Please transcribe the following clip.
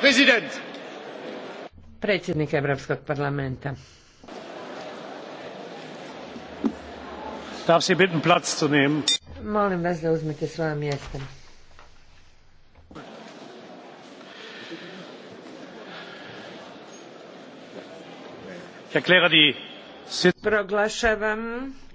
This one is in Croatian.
Präsident. Predsjednik Europskog parlamenta. Darf Sie bitten, Platz zu nehmen? Molim vas da uzmete svoje mjesta. Ich erkläre die Proglašavam